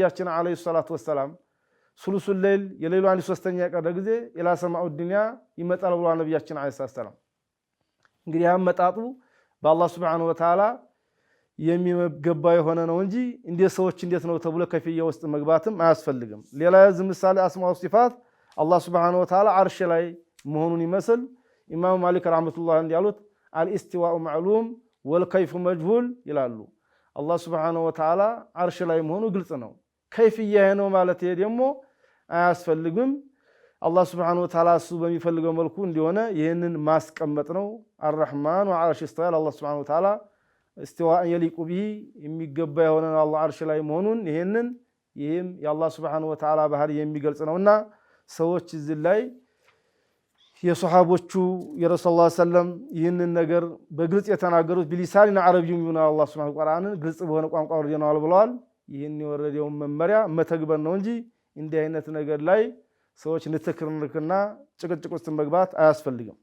ነቢያችን ዓለይሂ ሰላቱ ወሰላም ሱሉሱል ሌይል የሌሉ አንድ ሶስተኛ የቀረ ጊዜ ኢላ ሰማኡ ዱንያ ይመጣል ብሏል ነቢያችን ዓለይሂ ሰላቱ ወሰላም። እንግዲህ አመጣጡ በአላህ ሱብሓነሁ ወተዓላ የሚገባ የሆነ ነው እንጂ እንዴት ሰዎች እንዴት ነው ተብሎ ከፍያ ውስጥ መግባትም አያስፈልግም። ሌላ የዚህ ምሳሌ አስማው ሲፋት አላህ ሱብሓነሁ ወተዓላ አርሽ ላይ መሆኑን ይመስል ኢማም ማሊክ ረሕመቱላህ እንዲያሉት አልኢስቲዋኡ ማዕሉም ወልከይፉ መጅሁል ይላሉ። አላህ ሱብሓነሁ ወተዓላ አርሽ ላይ መሆኑ ግልጽ ነው። ከይፍያ ነው ማለት ይሄ ደግሞ አያስፈልግም። አላህ ስብሓነሁ ወተዓላ እሱ በሚፈልገው መልኩ እንዲሆነ ይህንን ማስቀመጥ ነው። አረሕማኑ ዓርሽ ስተዋል አላህ ስብሓነሁ ወተዓላ እስትዋእን የሊቁ ብሂ የሚገባ የሆነ አላህ ዓርሽ ላይ መሆኑን ይህንን ይህም የአላህ ስብሓነሁ ወተዓላ ባህሪ የሚገልጽ ነውና ሰዎች እዚ ላይ የሰሓቦቹ የረሱል ላ ሰለም ይህንን ነገር በግልጽ የተናገሩት ቢሊሳኒን ዓረቢዩም ይሆናል አላህ ስብሓነሁ ቁርአንን ግልጽ በሆነ ቋንቋ ወርጀነዋል ብለዋል። ይህን የወረደውን መመሪያ መተግበር ነው እንጂ እንዲህ አይነት ነገር ላይ ሰዎች ንትርክና ጭቅጭቅ ውስጥ መግባት አያስፈልግም።